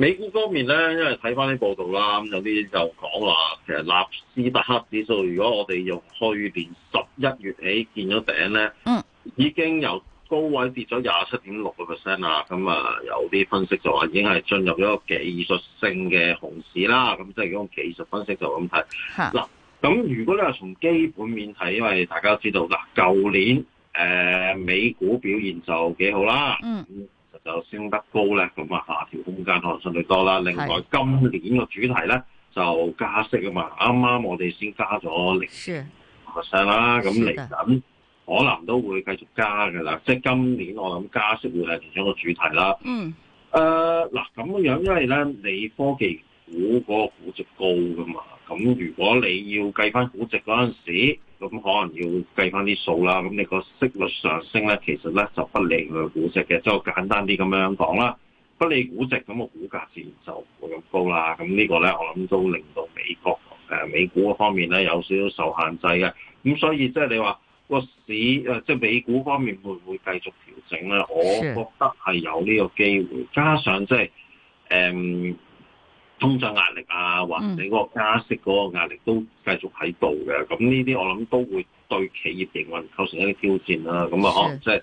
美股方面咧，因為睇翻啲報道啦，咁有啲就講話，其實納斯達克指數如果我哋用去年十一月起見咗頂咧，嗯，已經由高位跌咗廿七點六個 percent 啦，咁啊、嗯、有啲分析就話已經係進入咗一個技術性嘅熊市啦，咁、嗯、即係用技術分析就咁睇。嗱、嗯，咁如果你係從基本面睇，因為大家都知道嗱，舊年誒、呃、美股表現就幾好啦，嗯。就升得高咧，咁啊下調空間可能相對多啦。另外今年個主題咧就加息啊嘛，啱啱我哋先加咗零 percent 啦，咁嚟緊可能都會繼續加噶啦。即係今年我諗加息會係其中一個主題啦。嗯，誒嗱咁樣，因為咧你科技股嗰個估值高噶嘛，咁如果你要計翻估值嗰陣時。咁可能要計翻啲數啦，咁你個息率上升咧，其實咧就不利佢估值嘅，即係簡單啲咁樣講啦，不利估值咁個股價自然就唔會咁高啦。咁呢個咧，我諗都令到美國、呃、美股方面咧有少少受限制嘅。咁所以即係、呃、即係你話個市即係美股方面會唔會繼續調整咧？我覺得係有呢個機會，加上即、就、係、是嗯通脹壓力啊，或者嗰個加息嗰個壓力都繼續喺度嘅，咁呢啲我諗都會對企業營運構成一啲挑戰啦。咁啊，可能即、mm. 係。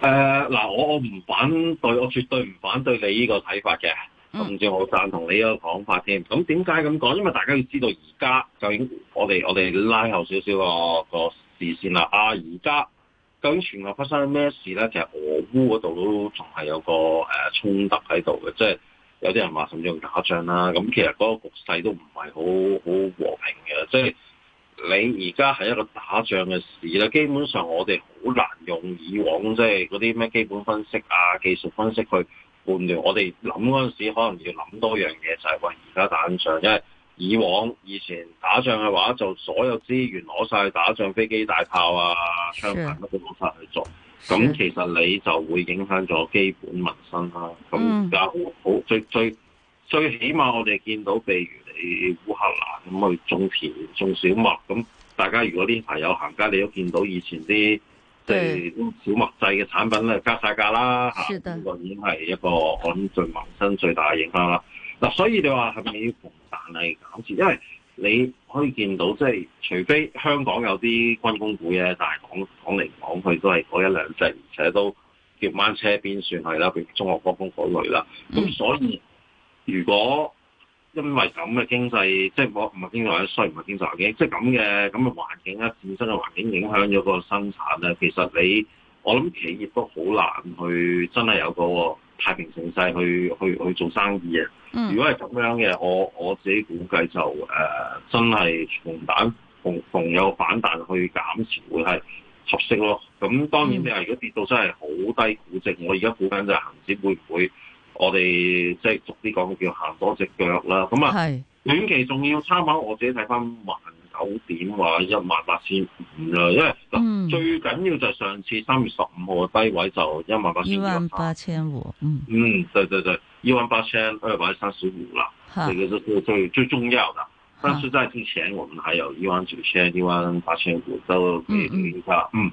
誒，嗱，我我唔反對我絕對唔反對你呢個睇法嘅，甚至我贊同你個講法添。咁點解咁講？因為大家要知道而家究竟我哋我哋拉後少少個個視線啦。啊，而家究竟全球發生咩事咧？其實俄烏嗰度都仲係有個誒衝突喺度嘅，即係有啲人話甚至用打仗啦。咁其實嗰個局勢都唔係好好和平嘅，即係。你而家係一個打仗嘅事啦，基本上我哋好難用以往即係嗰啲咩基本分析啊、技術分析去判斷。我哋諗嗰陣時，可能要諗多樣嘢、就是，就係話而家打仗，因為以往以前打仗嘅話，就所有資源攞晒打仗，飛機大炮啊、槍彈乜都攞晒去做。咁、啊、其實你就會影響咗基本民生啦、啊。咁而家好、嗯、好最最最起碼我哋見到，譬如，喺烏克蘭咁去種田種小麥，咁大家如果呢排有行街，你都見到以前啲即係小麥製嘅產品咧加曬價啦嚇，呢個已經係一個我諗最民生最大嘅影響啦。嗱，所以你話係咪要逢彈係減持？因為你可以見到即係除非香港有啲軍工股嘅，但係講講嚟講去都係嗰一兩隻，而且都跌翻車邊算係啦，譬如中學科工嗰類啦。咁所以、嗯、如果因為咁嘅經濟，即係冇唔係經濟衰退，唔係經濟環境，即係咁嘅咁嘅環境啊，自身嘅環境影響咗個生產啊。其實你我諗企業都好難去真係有個太平盛世去去去做生意啊。如果係咁樣嘅，我我自己估計就誒、呃、真係逢彈逢逢有反彈去減持會係合悉合適咯。咁當然你話如果跌到真係好低估值，我而家估緊就係恆指會唔會？ 我哋即係逐啲講叫行多隻腳啦，咁啊，短期仲要參考我自己睇翻萬九點，話一萬八千五啦，因為最緊要就上次三月十五號低位就一萬八千。一萬八千五，嗯，嗯，對對對，一萬八千二百三十五啦，呢、啊、個是最最重要的，但是在之前我們還有一萬九千、一萬八千五都俾你睇下，嗯。嗯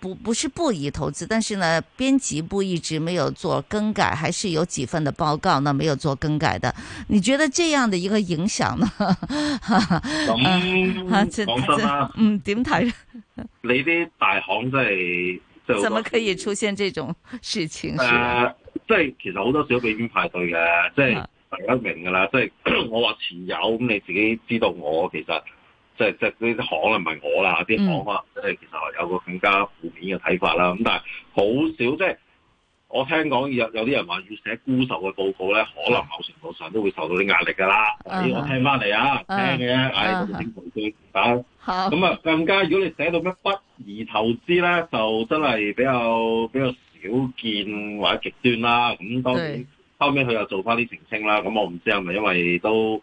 不不是不宜投資，但是呢編輯部一直沒有做更改，還是有幾份的報告呢沒有做更改的，你覺得這樣的一個影響呢？咁嗯點睇、 啊嗯啊嗯？你啲大行真係就，怎麼可以出現這種事情是、啊呃嗯？即係其實好多時都俾邊派對嘅，即係大家明噶啦，即係我話持有咁你自己知道我其實。即係即係啲行可能唔係我啦，啲行可能即係其實有個更加負面嘅睇法啦。咁、嗯、但係好少，即、就、係、是、我聽講有有啲人話要寫沽售嘅報告咧、啊，可能某程度上都會受到啲壓力㗎啦。啊、你我聽翻嚟啊，啊，聽嘅誒、啊，點對對好咁啊，更加如果你寫到咩不宜投資咧，就真係比較比較少見或者極端啦。咁當然後尾，佢又做翻啲澄清啦。咁我唔知係咪因為都。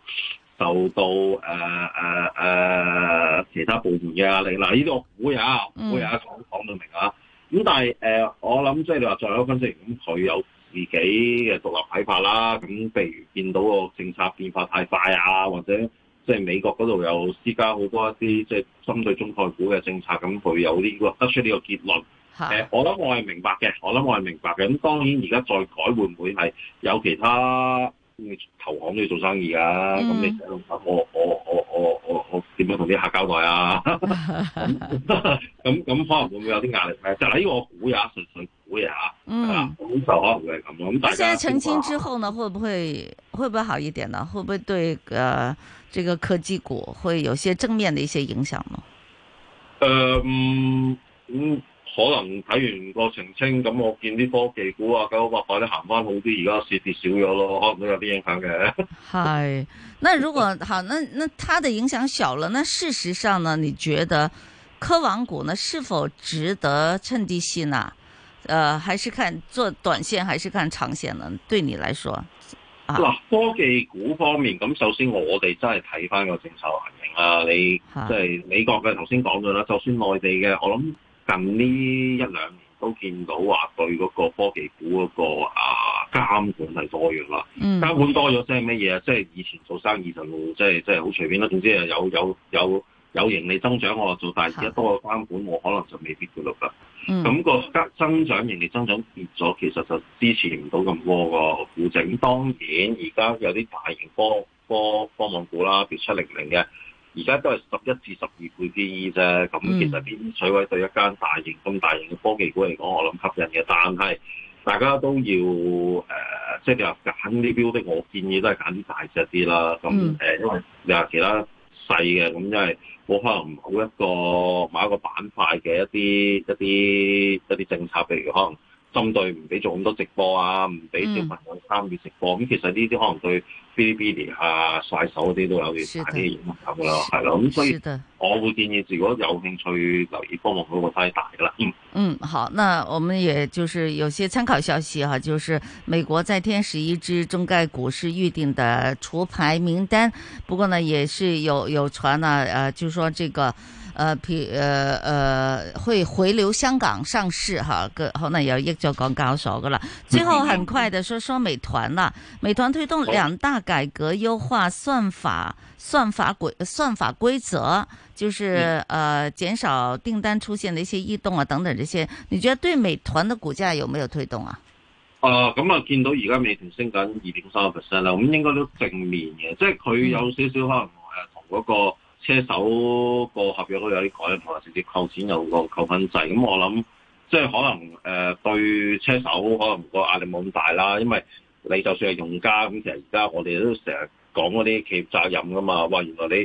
受到誒誒、啊啊啊、其他部門嘅壓力，嗱呢啲我啊呀，估、嗯、呀講到明啊。咁但係、呃、我諗即係你話作為一個分析，咁佢有自己嘅獨立睇法啦。咁譬如見到個政策變化太快啊，或者即係美國嗰度有施加好多一啲即係針對中概股嘅政策，咁佢有呢、呢個得出呢個結論。呃、我諗我係明白嘅，我諗我係明白嘅。咁當然而家再改會唔會係有其他？投行都要做生意噶、啊，咁、嗯、你睇我我我我我我點樣同啲客交代啊？咁 咁可能會唔會有啲壓力咧、啊？就係呢為我估也純粹估嘅吓，咁就可能係咁咯。咁、嗯啊、大家，那、嗯、現在澄清之後呢，會不會會不會好一點呢？會不會對誒這個科技股會有些正面的一些影響呢？誒嗯嗯。嗯可能睇完個澄清，咁我見啲科技股啊、九九八八行翻好啲，而家市跌少咗咯，可能都有啲影響嘅。係， 那如果好，那那它的影響小了，那事實上呢？你覺得科網股呢是否值得趁低吸納啊？誒、呃，還是看做短線，還是看長線呢？對你來說，嗱、啊、科技股方面，咁首先我哋真係睇翻個政策行情啦。你即係、啊就是、美國嘅頭先講咗啦，就算內地嘅，我諗。近呢一兩年都見到話對嗰個科技股嗰個啊監管係多咗啦、嗯，監管多咗即係乜嘢啊？即係以前做生意就即係即係好隨便啦。總之啊，有有有有盈利增長我做，但係而家多個監管，我可能就未必做落啦。咁、嗯咁個增增長、盈利增長跌咗，其實就支持唔到咁多個股證。當然而家有啲大型科科科網股啦，譬如七零零嘅。現在是11而家都係十一至十二倍之二啫，咁、嗯、其實連水位對一間大型咁大型嘅科技股嚟講，我諗吸引嘅。但係大家都要誒，即係話揀啲標的，就是、builder, 我建議都係揀啲大隻啲啦。咁誒，你話其他細嘅咁，因為好可能好一個某一個板塊嘅一啲一啲一啲政策，譬如可能。針對唔俾做咁多直播啊，唔俾小朋友參與直播，咁、嗯、其實呢啲可能對嗶哩嗶哩啊、快手嗰啲都有啲影響㗎啦，係啦，咁所以，我會建議如果有興趣留意，幫我舉個牌大啦。嗯嗯，好，那我們也就是有些參考消息哈，就是美國再添十一支中概股市預定的除牌名單，不過呢，也是有有傳呢，呃，就是、說這個。呃譬誒誒、呃，會回流香港上市，哈，個可能又益咗港交易所噶啦。最後很快的說，說說美團啦，啊，美團推動兩大改革優，優化算法、算法規、算法規則，就是呃減少訂單出現的一些異動啊，等等這些。你覺得對美團的股價有沒有推動啊？啊、嗯、咁、嗯、啊，見到而家美團升緊二點三個 percent，咁應該都正面嘅，即係佢有少少可能誒同嗰個。車手個合約都有啲改，同埋直接扣錢又個扣分制。咁我諗，即係可能誒對車手可能個壓力冇咁大啦，因為你就算係用家咁，其實而家我哋都成日講嗰啲企業責任噶嘛。話，原來你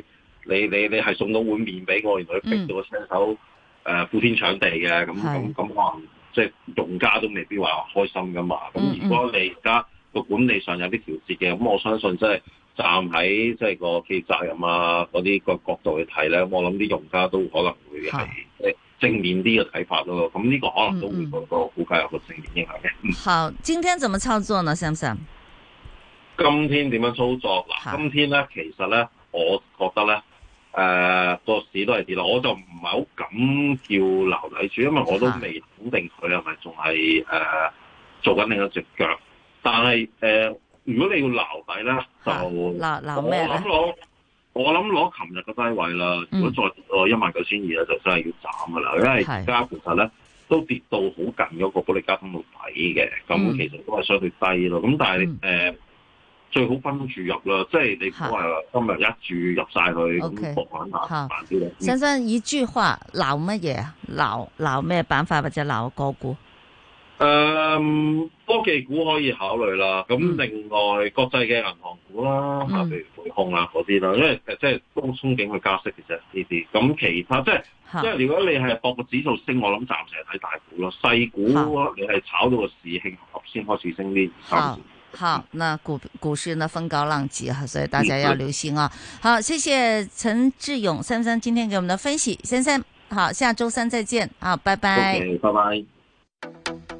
你你你係送到碗麵俾我，原來逼到個車手誒呼、嗯呃、天搶地嘅咁咁咁，可能即係用家都未必話開心噶嘛。咁如果你而家個管理上有啲調節嘅，咁我相信即係。站喺即係個企業責任啊嗰啲個角度去睇咧，我諗啲用家都可能會係即正面啲嘅睇法咯。咁呢個可能都會對個股價有個正面影響嘅，嗯嗯。好，今天怎麼操作呢？岑生，今天點樣操作嗱？今天咧，其實咧，我覺得咧，誒、呃、個市都係跌落，我就唔係好敢叫留底住，因為我都未肯定佢係咪仲係誒做緊另一隻腳，但係誒。呃如果你要撈底咧，就嗱撈咩我諗攞，我諗攞，琴日嘅低位啦、嗯。如果再跌到一萬九千二咧，就真係要斬噶啦。因為而家其實咧都跌到好近嗰個保歷加通道底嘅，咁其實都係相對低咯。咁、嗯、但係誒、呃，最好分住入啦、嗯，即係你唔、okay, okay, 好話今日一注入晒佢咁博反彈。先生一句話，撈乜嘢？撈撈咩板塊或者撈個股？誒，科技股可以考慮啦。咁另外，嗯、國際嘅銀行股啦，吓、嗯，譬如匯控啦嗰啲啦，因為誒，即係都憧憬去加息嘅啫呢啲。咁其他即係，即係如果你係博個指數升，我諗暫時係睇大股咯。細股、啊、你係炒到個市興先開始升啲。好，好，那股股市呢風高浪急吓，所以大家要留心啊、嗯。好，謝謝岑智勇先生，先生今天給我們的分析，先生，好，下周三再見，好，拜拜拜拜。Okay, bye bye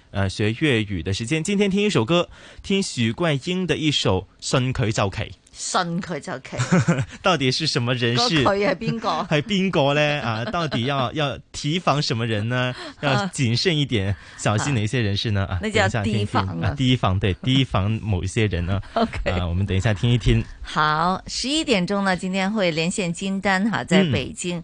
呃、啊，學粵語的時間，今天聽一首歌，聽許冠英的一首《信佢就奇》，信佢就奇， 到底是什麼人士？佢係邊個？係邊個咧？啊，到底要要提防什麼人呢？ 要謹慎一點，小心哪些人士呢？ 啊，你就要提防啊，提防對，提防某一些人呢、啊、 ？OK，啊，我們等一下聽一聽。好，十一點鐘呢，今天會連線金丹哈，在北京。嗯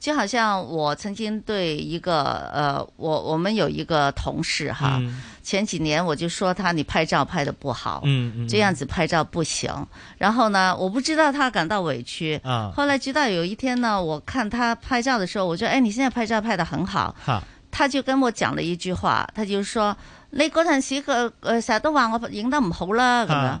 就好像我曾經對一個呃，我我們有一個同事哈、嗯，前幾年我就說他，你拍照拍得不好，嗯嗯，這樣子拍照不行。然後呢，我不知道他感到委屈啊。後來直到有一天呢，我看他拍照的時候，我就哎，你現在拍照拍得很好，哈，他就跟我講了一句話，他就說你嗰陣時個呃成日都話我影得唔好啦，咁樣。這個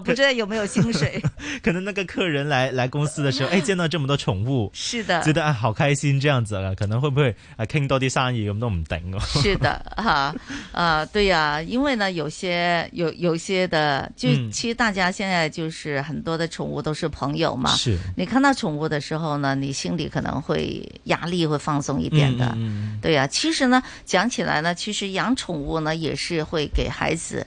不知道有沒有薪水？ 可能那個客人來來公司的時候， 哎，見到這麼多寵物，是的，覺得啊、哎、好開心這樣子了。可能會不會啊傾多啲生意咁都唔定咯。 是的，哈，啊，呃、對呀、啊，因為呢，有些有有些的，就其實大家現在就是很多的寵物都是朋友嘛。是、嗯、你看到寵物的時候呢，你心裏可能會壓力會放鬆一點的。嗯嗯嗯對呀、啊，其實呢，講起來呢，其實養寵物呢也是會給孩子。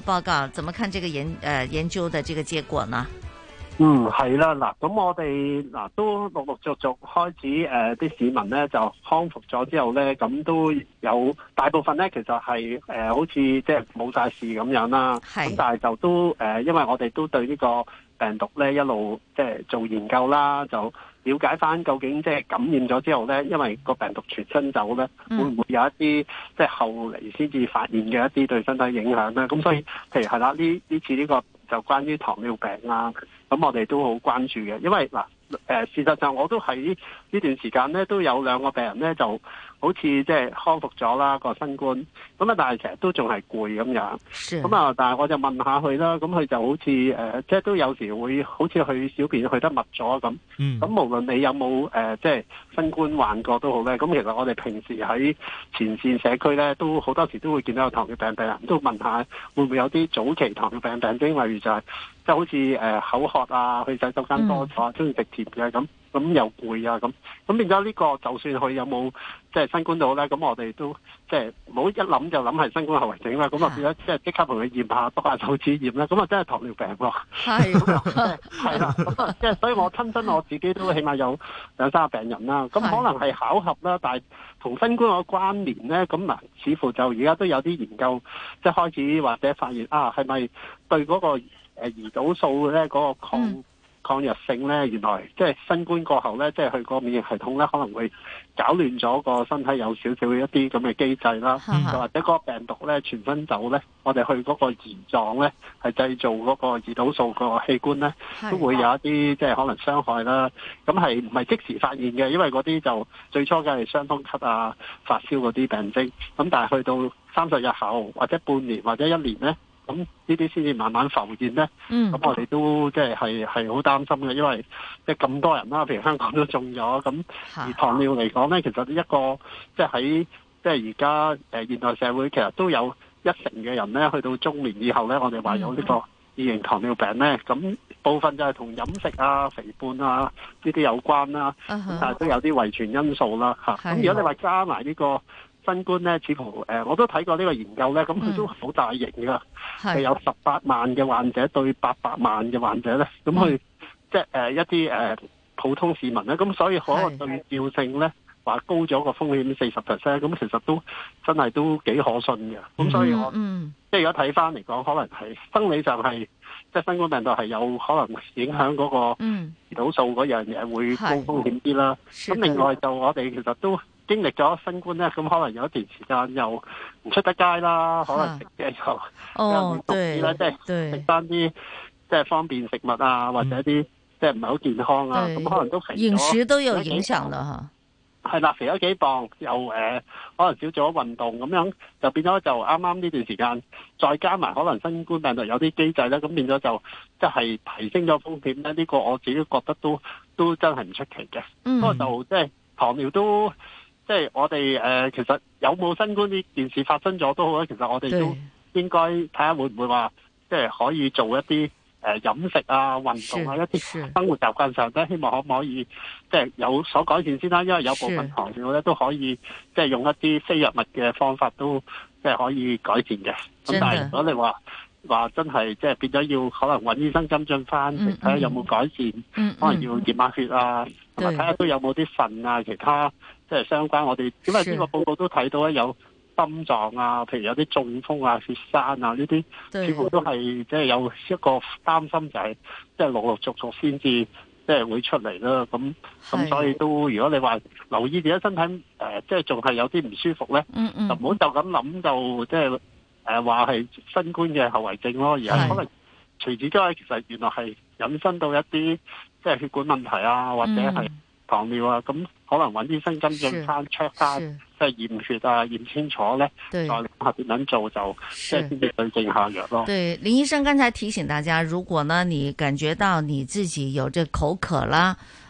報告，怎麼看這個研誒、呃、研究的這個結果呢？嗯，係啦，嗱，咁我哋嗱都陸陸續續開始誒、啲、呃、市民咧就康復咗之後咧，咁、嗯、都有大部分咧，其實係誒、呃，好似即係冇晒事咁樣啦。係，咁但係就都誒、呃，因為我哋都對呢個病毒咧一路即係做研究啦，就。了解翻究竟即係感染咗之後呢，因為個病毒全身走呢，會唔會有一啲即係後嚟先至發現嘅一啲對身體影響呢？咁所以譬如係啦，呢呢次呢個就關於糖尿病啊，咁我哋都好關注嘅，因為嗱誒、呃、事實上我都喺呢段時間呢，都有兩個病人呢，就好似即係康復咗啦個新冠。咁、嗯、啊！但係其實都仲係攰咁樣。咁啊、嗯！但係我就問下佢啦。咁佢就好似誒、呃，即係都有時會好似去小便去得密咗咁。咁、嗯、無論你有冇誒、呃，即係新冠患過都好咧。咁其實我哋平時喺前線社區咧，都好多時都會見到有糖尿病病人，都問下會唔會有啲早期糖尿病病症。例如就係、是、即好似誒、呃、口渴啊，去洗手間多咗，中意食甜嘅咁，咁又攰啊咁。咁變咗呢個，就算佢有冇即新冠到咧，咁我哋都。即係唔好一諗就諗係新冠後遺症啦，咁啊變咗即係即刻同佢驗下，篤下手指驗啦，咁啊真係糖尿病喎。係， 係啦，即係所以我親身我自己都起碼有兩三個病人啦，咁可能係巧合啦，但係同新冠有個關聯咧，咁嗱，似乎就而家都有啲研究即係開始或者發現啊，係咪對嗰、嗰個胰島、呃、素咧嗰個抗、嗯？抗藥性咧，原來即係新冠過後咧，即係去個免疫系統咧可能會搞亂咗個身體有少少一啲咁嘅機制啦，嗯、或者嗰個病毒咧全身走咧，我哋去嗰個胰臟咧係製造嗰個胰島素個器官咧，都會有一啲即係可能傷害啦。咁係唔係即時發現嘅？因為嗰啲就最初嘅係傷風咳啊、發燒嗰啲病徵。咁但係去到三十日後或者半年或者一年咧。咁呢啲先至慢慢浮現咧，咁、嗯、我哋都即係係好擔心嘅，因為即係咁多人啦，譬如香港都中咗，咁而糖尿嚟講咧，其實呢一個即係喺即係而家誒現代社會，其實都有一成嘅人咧，去到中年以後咧，我哋話有呢個二型糖尿病咧，咁部分就係同飲食啊、肥胖啊呢啲有關啦、啊，但係都有啲遺傳因素啦吓，咁如果你話加埋呢、呢個。新冠咧，似乎誒、呃，我都睇過呢個研究咧，咁佢都好大型㗎，係、嗯、有十八萬嘅患者對八百萬嘅患者咧，咁佢即係誒一啲誒、呃、普通市民咧，咁、嗯、所以可能對照性咧，話高咗個風險四十 percent，咁其實都真係都幾可信嘅。咁所以我、嗯嗯、即係如果睇翻嚟講，可能係生理上係即係新冠病毒係有可能影響嗰個胰島素嗰樣嘢，會高風險啲啦。咁、嗯、另外就我哋其實都。嗯經歷咗新冠咧，咁可能有一段時間又唔出得街啦，可能食嘢又唔獨啲啦，即係食翻啲即係方便食物啊，或者啲即係唔係好健康啊，咁可能都肥咗。飲食都有影響啦嚇，係啦，肥咗幾磅，又誒、呃，可能少做咗運動，咁樣就變咗就啱啱呢段時間，再加埋可能新冠病毒有啲機制咧，咁變咗就即係、就是、提升咗風險咧。呢、這個我自己覺得都都真係唔出奇嘅。不、嗯、過就即係糖尿都。即、就、係、是、我哋誒、呃，其實有冇新冠呢件事發生咗都好咧。其實我哋都應該睇下會唔會話，即、就、係、是、可以做一啲誒飲食啊、運動啊一啲生活習慣上都希望可唔可以即係、就是、有所改善先啦、啊。因為有部分糖尿咧都可以，即、就、係、是、用一啲非藥物嘅方法都即係、就是、可以改善嘅。咁但係如果你話話真係即係變咗要可能搵醫生跟進翻，睇、嗯、下、嗯、有冇改善嗯嗯，可能要驗下血啊，同埋睇下都有冇啲腎啊其他。即係相關，我哋因為呢個報告都睇到咧，有心臟啊，譬如有啲中風啊、血栓啊呢啲，似乎都係即係有一個擔心、就是，就係即係陸陸續續先至即係會出嚟啦。咁咁所以都，如果你話留意自己身體，即係仲係有啲唔舒服咧、嗯嗯，就唔好就咁諗就即係誒話係新冠嘅後遺症咯。而係可能隨之而來，其實原來係引申到一啲即係血管問題啊，或者係。嗯糖尿啊，咁可能揾醫生跟進翻 check 翻，即係驗血啊，驗清楚咧，再下邊諗做就即係先至對症下藥咯。對，林醫生剛才提醒大家，如果呢你感覺到你自己有這口渴啦。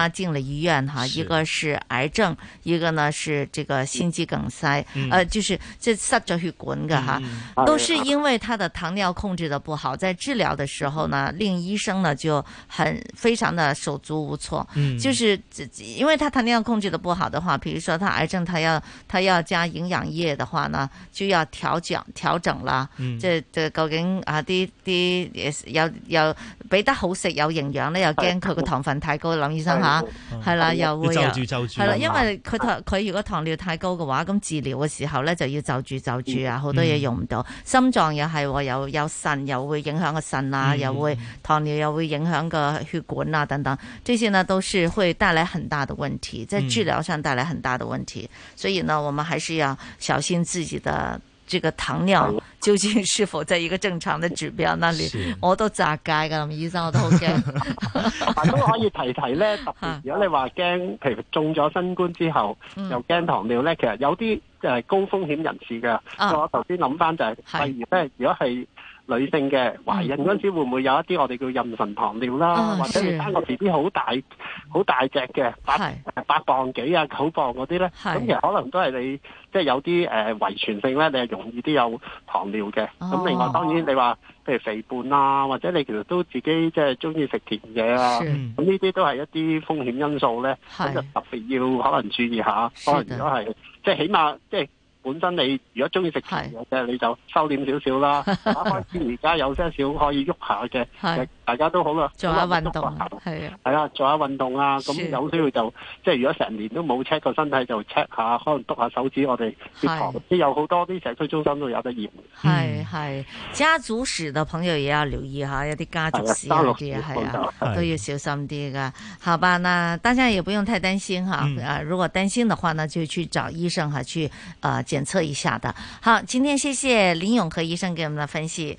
他進了醫院哈，一個是癌症，一個呢是這個心肌梗塞，嗯、呃，就是這塞咗血管的哈嗯嗯，都是因為他的糖尿控制的不好，嗯、在治療的時候呢，嗯、令醫生呢就很非常的手足無措，嗯、就是因為他糖尿控制的不好的話，比如說他癌症，他要他要加營養液的話呢，就要調整調整啦，這、嗯、這究竟啊啲啲要要，俾佢好食有營養呢，要驚佢、哎、個糖分太高，林醫生哈。哎係、啊、啦、啊，又會係、啊、啦，因為佢糖佢如果糖尿太高嘅話，咁、嗯、治療嘅時候咧就要就住就住啊，好多嘢用唔到。心臟又係，有有腎又會影響個腎啊，又會糖尿又會影響個血管啊，等等，呢些呢都是會帶嚟很大的問題，即係治療上帶嚟很大的問題，嗯。所以呢，我們還是要小心自己的。這個糖尿究竟是，是否在一個正常的指標？那裏我都查介噶，林醫生我都好驚。 都可以提提咧， 特別如果你話驚，譬如中咗新冠之後、嗯、又驚糖尿咧，其實有啲誒高風險人士噶、啊。我頭先諗翻就係、是，例如即係，如果係女性嘅懷孕嗰陣時，會唔會有一啲我哋叫妊娠糖尿啦、啊？或者你生個 B B 好大好大隻嘅八、八磅幾啊九磅嗰啲咧？咁其實可能都係你。即係有啲誒、呃、遺傳性咧，你係容易啲有糖尿嘅。咁、哦、另外當然你話譬如肥胖啊，或者你其實都自己即係中意食甜嘢啊，咁呢啲都係一啲風險因素咧。咁就特別要可能注意下。當然如果係即係起碼即係本身你如果中意食甜嘢嘅，你就收斂少少啦。打翻轉而家有些少可以喐下嘅。大家都好啦，做下運動係啊，係啊，做下運動啊，咁有需要就是、啊、即係如果成年都冇 check 個身體就 check 下，可能督下手指，我哋即係有好多啲社區中心都有得驗，係係，家族史嘅朋友也要留意下有啲家族史嘅啊，家族啊家族啊，啊都要小心啲啊。好吧，那大家也不用太擔心哈、嗯，啊，如果擔心的話，那就去找醫生哈，去啊、呃、檢測一下的。好，今天謝謝林永和醫生給我們的分析。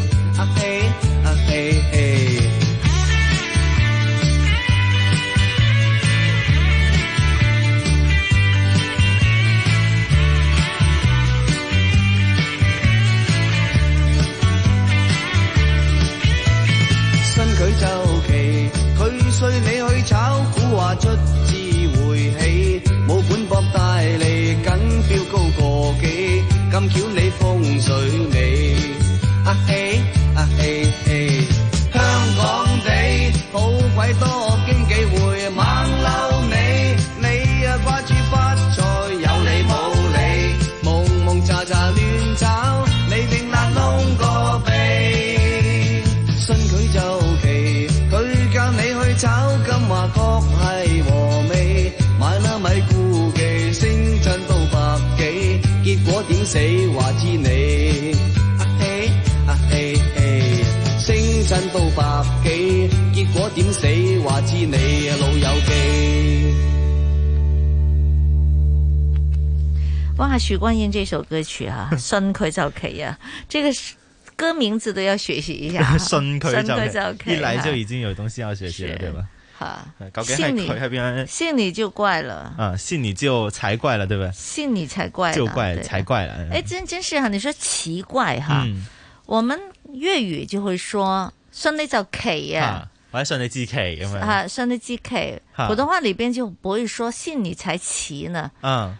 那、啊、許冠英這首歌曲啊，信佢就奇呀，啊、 這個歌名字都要學習一下、啊。信佢就奇，一來就已經有東西要學習了，對吧？哈，信、啊、你，信你就怪了啊！信你就才怪了，對不對？信你才怪，就怪才怪了。哎，真真是哈，你說奇怪哈、嗯，我們粵語就會說“信你就奇呀”，或者“信你至奇”咁樣啊，“信你至奇”啊你啊。普通話裏邊就不會說“信你才奇”呢，嗯、啊。啊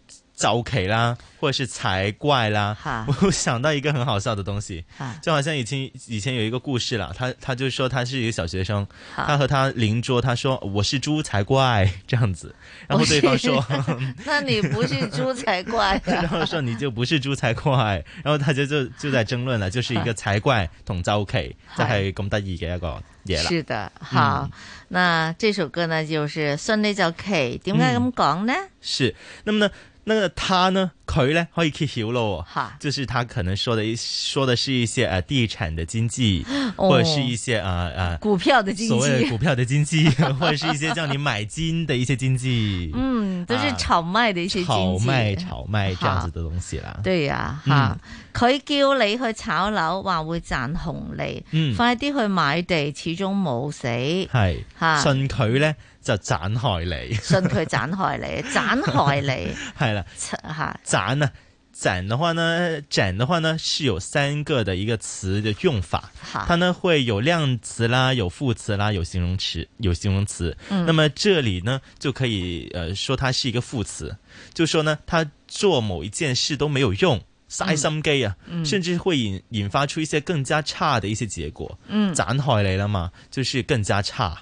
就奇啦，或者是才怪啦。哈，我想到一個很好笑的東西。哈，就好像以前以前有一個故事了，他他就說他是一個小學生。他和他鄰桌，他說我是豬才怪這樣子。然後對方說，呵呵呵呵那你不是豬才怪、啊。 然後說你就不是豬才怪。然後他就就就在爭論了，就是一個才怪同就奇，就係咁得意嘅一個嘢。是的，好、嗯，那這首歌呢就是算你就奇，點解咁講呢、嗯？是，那麼呢？那個他呢，佢咧可以揭曉咯，就是他可能說的一說的是一些誒、啊、地產的經濟、哦，或者是一些啊啊股票的經濟，所謂股票的經濟， 或者是一些叫你買金的一些經濟，嗯，都、就是炒賣的一些經、啊、炒賣炒賣這樣子的東西啦。啊、對呀、啊，吓、嗯、佢、啊、叫你去炒樓，話會賺紅利，嗯、快啲去買地，始終冇死，係，信佢咧。就斬害你，信佢斬害你，斬害你，係 啦對了，吓斬啊，斬的話呢，斬的話呢，是有三個的一個詞的用法，它呢會有量詞啦，有副詞啦，有形容詞，有形容詞，嗯，那麼這裏呢就可以，誒、呃、說它是一個副詞，就說呢，它做某一件事都沒有用，嘥心機、嗯、啊、嗯，甚至會引引發出一些更加差的一些結果，嗯，斬害你了嘛，就是更加差。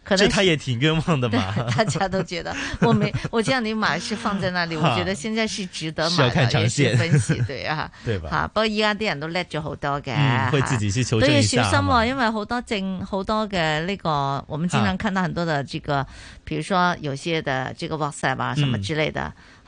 可能是這他也挺冤枉的嘛！大家都覺得，我沒我叫你買是放在那裏， 我覺得現在是值得買的。要看長線分析，對啊， 對吧？哈，不過依家啲人都叻咗好多嘅，嗯，會自己去操作一下小心、哦，因為好多證，好多嘅呢、這個，我們經常看到很多的這個，比如說有些的這個 WhatsApp 啊什麼之類的。嗯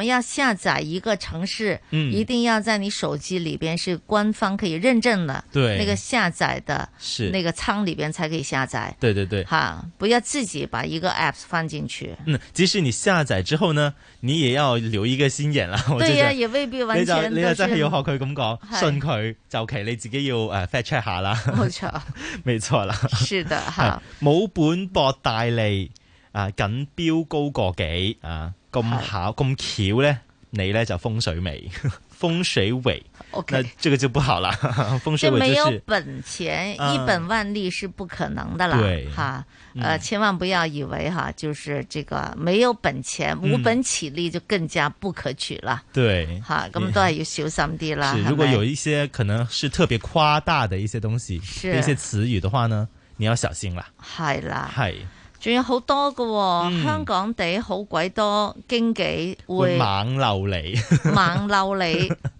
我們要下載一個城市，嗯，一定要在你手機裏邊是官方可以認證的，對，那個下載的，是那個倉裏邊才可以下載。對對對，哈，不要自己把一個 apps 放進去。嗯，即使你下載之後呢，你也要留一個心眼了。對呀，也未必完全都是。你就，你就真係要學佢咁講，信佢就奇，你自己要誒、uh, fact check 下啦。冇錯，沒錯啦 。是的，哈，冇、啊、本博大利啊，僅標高過幾啊。咁巧咁巧咧，你咧就風水尾，風水尾，風水尾，ok，這個就不好啦。風水尾就是就沒有本錢、呃，一本萬利是不可能的啦。對，哈，呃，嗯、千萬不要以為哈，就是這個沒有本錢，嗯、無本起利就更加不可取啦。嗯、對，哈，咁、嗯、都係要小心啲啦。如果有一些可能是特別誇大的一些東西，是有一些詞語的話呢，你要小心啦。係啦，係。仲有好多喎，嗯，香港地好鬼多經紀會猛漏你，猛漏你。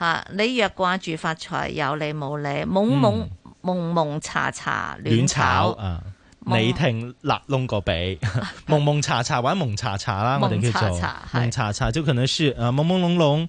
吓、啊！你若掛住發財，有理冇理，蒙蒙蒙蒙查查，亂炒、啊。你聽辣窿個鼻， 蒙蒙查查或者蒙查查啦， 我哋叫做蒙查查，就可能是誒蒙蒙朧朧。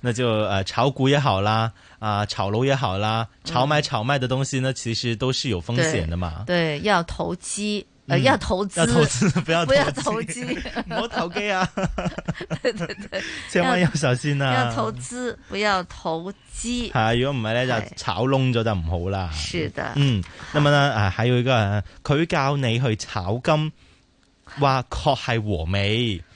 那就誒，炒股也好啦，啊，炒樓也好啦，嗯、炒買炒賣的東西呢，其實都是有風險的嘛。對，要投機，要投資，呃嗯、要投資，不要投資不要投機，唔 好 投機啊！ 對對對，千 萬要小心啊！要投資，不要投機。係 如果唔係咧，就炒窿咗就唔好啦。是的，嗯，咁樣呢，啊，還有一個人，佢教你去炒金，話確係和美。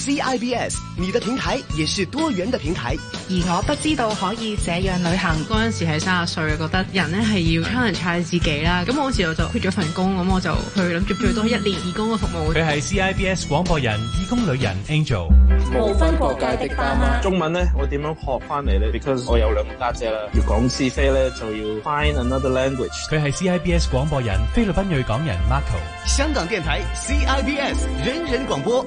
CIBS，你的平台也是多元的平台。而我不知道可以這樣旅行嗰陣時係三十歲，覺得人咧係要 challenge 下自己啦。咁我當時我就缺咗份工，咁我就去諗住最多一年，嗯、義工嘅服務。佢係 CIBS 廣播人，義工女人 Angel，不分國界的媽媽。中文咧，我點樣學翻嚟？咧？Because 我有兩個家姐啦，要講是非咧就要 find another language。佢係 CIBS 廣播人，菲律賓裔港人 Marco。香港電台 CIBS，人人廣播。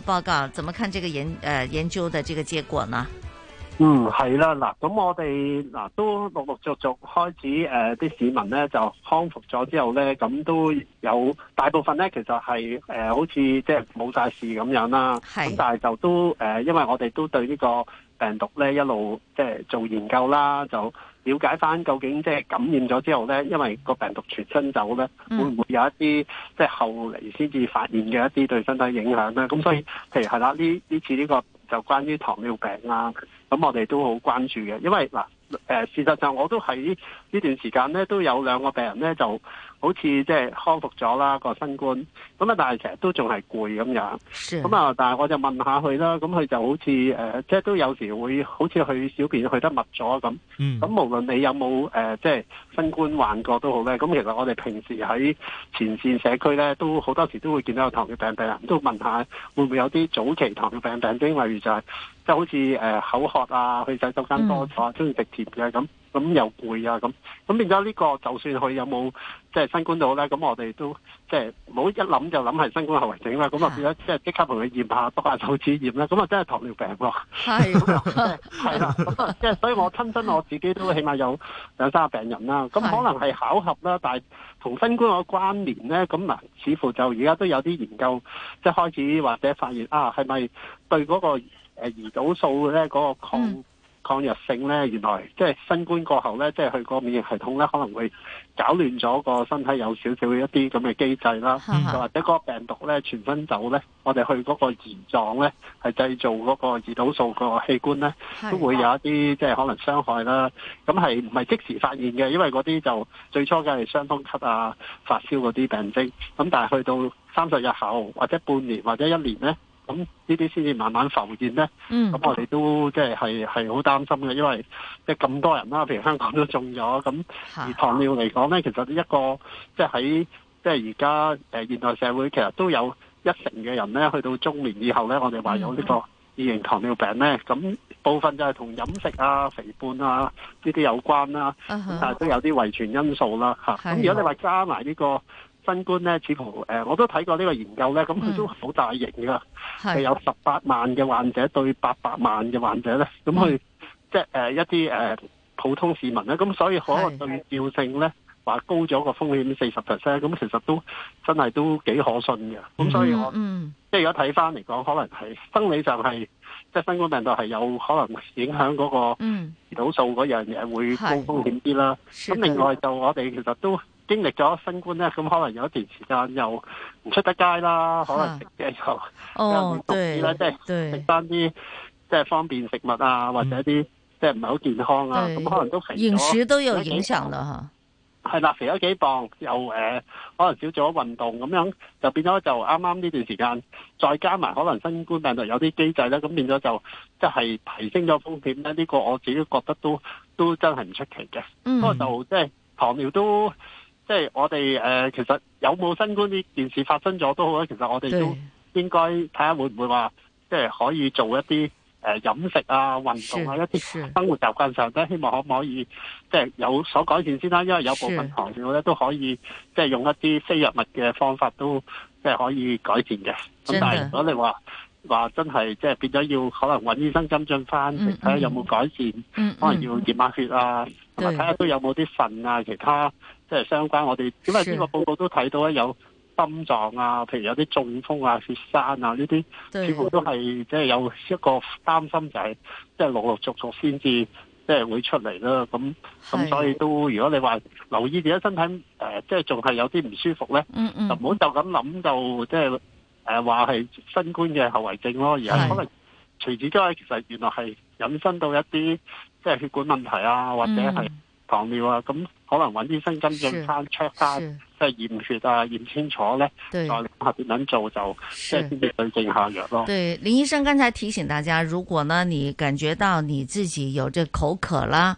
報告，怎麼看這個研誒、呃、研究的這個結果呢？嗯，係啦，嗱，咁我哋嗱都陸陸續續開始誒、啲、呃、市民咧就康復咗之後咧，咁都有大部分咧，其實係誒、呃，好似即係冇晒事咁樣啦。係，咁但係就都誒、呃，因為我哋都對呢個病毒咧一路即係、呃、做研究啦，就。了解翻究竟即係感染咗之後呢，因為個病毒全身走呢，會唔會有一啲即係後嚟先至發現嘅一啲對身體影響呢？咁所以譬如係啦，呢呢次呢個就關於糖尿病啦、啊，咁我哋都好關注嘅，因為嗱誒事實上我都喺呢段時間呢都有兩個病人呢就。好似即係康復咗啦個新冠，咁啊但係其實都仲係攰咁樣，咁啊但係我就問下佢啦，咁佢就好似誒即係都有時會好似去小便去得密咗咁，咁、嗯、無論你有冇誒即係新冠患過都好咧，咁其實我哋平時喺前線社區咧都好多時都會見到有糖尿病病人，都問下會唔會有啲早期糖尿病病症，例如就係、是、即係好似、呃、口渴啊，去洗手間多咗、啊，中意食甜嘅咁。咁、嗯、又攰啊！咁咁變咗呢、這個，就算佢有冇、就是就是、即係新冠到咧，咁我哋都即係唔好一諗就諗係新冠後遺症啦。咁啊變咗即係即刻同佢驗下，篤下手指驗咧，咁啊真係糖尿病喎。係， 係啦，即係所以我親身我自己都起碼有兩三個病人啦。咁可能係巧合啦，但係同新冠嘅關聯咧，咁嗱，似乎就而家都有啲研究即係開始或者發現啊，係咪對嗰、那個、呃、胰島素咧嗰個抗、嗯？抗藥性咧，原來即係新冠過後咧，即係去個免疫系統咧，可能會搞亂咗個身體有少少嘅一啲咁嘅機制啦。又或者個病毒咧全身走咧，我哋去嗰個胰臟咧，係製造嗰個胰島素個器官咧， 都會有一啲即係可能傷害啦。咁係唔係即時發現嘅？因為嗰啲就最初嘅係傷風咳啊、發燒嗰啲病徵。咁但係去到三十日後，或者半年，或者一年咧。咁呢啲先至慢慢浮現咧，咁、嗯、我哋都即係係係好擔心嘅，因為即係咁多人啦，譬如香港都中咗，咁而糖尿嚟講咧，其實一個即係喺即係而家誒現代社會，其實都有一成嘅人咧，去到中年以後咧，我哋話有呢個二型糖尿病咧，咁、嗯、部分就係同飲食啊、肥胖啊呢啲有關啦、啊嗯，但係都有啲遺傳因素啦吓咁、嗯、如果你話加埋呢、呢個。新冠咧，似乎誒、呃，我都睇過呢個研究咧，咁佢都好大型噶，係、嗯、有十八萬嘅患者對八百萬嘅患者咧，咁佢、嗯、即係誒、呃、一啲誒、呃、普通市民呢，咁所以可能對照性咧話高咗個風險四十 percent，咁其實都真係都幾可信嘅。咁所以我、嗯嗯嗯、即係而家睇翻嚟講，可能係生理上係即係新冠病毒係有可能影響嗰、嗰個胰島素嗰樣嘢會高風險啲啦。咁、嗯、另外就我哋其實都。經歷咗新冠咧，咁可能有一段時間又唔出得街啦，可能食嘢又又唔多啲啦，即係食翻啲即係方便食物啊，或者啲即係唔係好健康啊，咁可能都肥咗。飲食都有影響啦，吓係啦，肥咗幾，幾，幾磅，又誒、呃，可能少咗運動，咁樣就變咗就啱啱呢段時間，再加埋可能新冠病毒有啲機制咧，咁變咗就即係、就是、提升咗風險咧。呢、這個我自己覺得都都真係唔出奇嘅。不、嗯、過就即係、就是、糖尿都。即係我哋誒、呃，其實有冇新冠呢件事發生咗都好啊。其實我哋都應該睇下會唔會話，即、就、係、是、可以做一啲誒飲食啊、運動啊一啲生活習慣上咧，希望可唔可以即係、就是、有所改善先啦、啊。因為有部分糖尿咧都可以，即、就、係、是、用一啲非藥物嘅方法都即係、就是、可以改善嘅。咁但係如果你話話真係即係變咗要可能揾醫生跟進翻，睇、嗯、下、嗯、有冇改善嗯嗯，可能要驗下血啊，同埋睇下都有冇啲腎啊其他。即、就、係、是、相關我，我哋因為呢個報告都睇到咧，有心臟啊，譬如有啲中風啊、血栓啊呢啲，似乎都係即係有一個擔心、就是，就係即係陸陸續續先至即係會出嚟啦。咁咁所以都，如果你話留意自己身體，誒、呃，即係仲係有啲唔舒服咧、嗯嗯，就唔好就咁諗到，即係誒話係新冠嘅後遺症咯，而係可能除此之外，其實原來係引申到一啲即係血管問題啊，或者係。嗯糖尿啊，咁可能揾醫生跟進翻 check 翻，即係驗血啊，驗清楚咧，對做就，即係先至對症下藥咯。對，林醫生剛才提醒大家，如果呢你感覺到你自己有這口渴啦。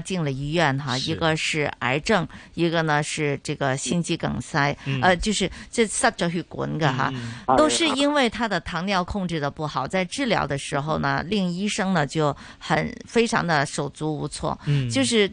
進了醫院哈，一個是癌症，一個呢是這個心肌梗塞，嗯、呃，就是這塞着血管的哈嗯嗯、哎，都是因為他的糖尿控制的不好。在治療的時候呢，嗯、令醫生呢就很非常的手足無措，嗯、就是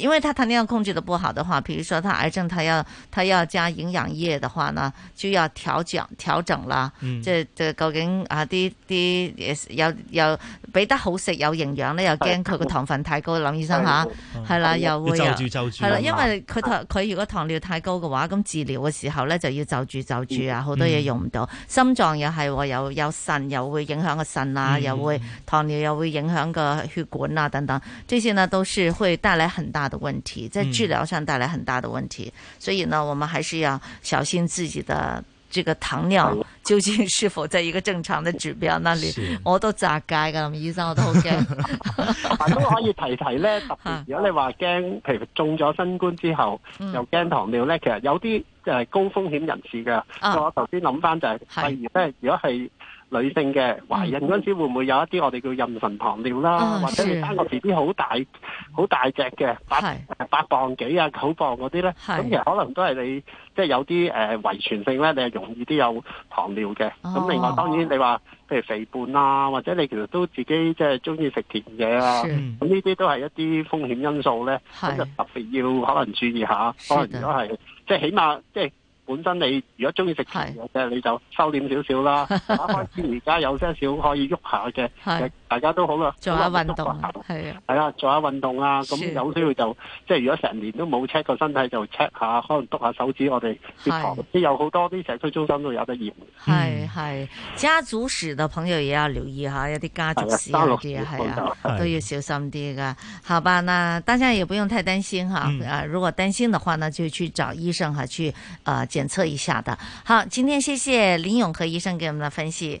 因為他糖尿控制的不好的話，比如說他癌症，他要他要加營養液的話呢，就要調整調整啦。這、嗯、這究竟啊啲啲要要俾得好食有營養咧，要驚佢、哎、個糖分太高了，林醫生。吓，係、啊、啦，又會啊，係啦，因為佢佢、啊、如果糖尿太高嘅話，咁治療嘅時候咧就要就住就住啊，好多嘢用唔到、嗯。心臟又係，有有腎又會影響個腎啊，又、嗯、會糖尿又會影響個血管啊，等等，呢些呢都是會帶嚟很大的問題，即係治療上帶嚟很大的問題、嗯，所以呢，我們還是要小心自己的。這個糖尿究竟是否在一個正常嘅指標那裏？我都炸界噶，林醫生我都好驚，都 可以提提咧。特別如果你話驚，譬如中咗新冠之後、嗯嗯、又驚糖尿咧，其實有啲誒高風險人士噶、啊。我頭先諗翻就係、是，例如咧如果係女性嘅、嗯、懷孕嗰時，會唔會有一啲我哋叫妊娠糖尿啦、啊？或者你生個 B B 好大好大隻嘅八八磅幾啊九磅嗰啲咧？咁其實可能都係你。即係有啲誒、呃、遺傳性咧，你係容易啲有糖尿嘅。咁、oh. 另外當然你話譬如肥胖啊，或者你其實都自己即係中意食甜嘢啊，咁呢啲都係一啲風險因素咧，咁就特別要可能注意下。可能如果係即係起碼即係本身你如果中意食甜嘢嘅，你就收斂少少啦。或始，而家有些少可以喐下嘅。大家都好啦，做下運動，係啊，係啊，做下運動啊，咁有需要就即係如果成年都冇 check 個身體就 check 下，可能督下手指，我哋啲房，有好多啲社區中心都有得驗。係、嗯、係，家族史的朋友也要留意下，有啲家族史啊，啲啊，都要小心啲噶。好吧，那大家也不用太擔心啊、嗯，如果擔心的話，呢就去找醫生哈，去啊、呃、檢測一下的。好，今天謝謝林永和醫生給我們的分析。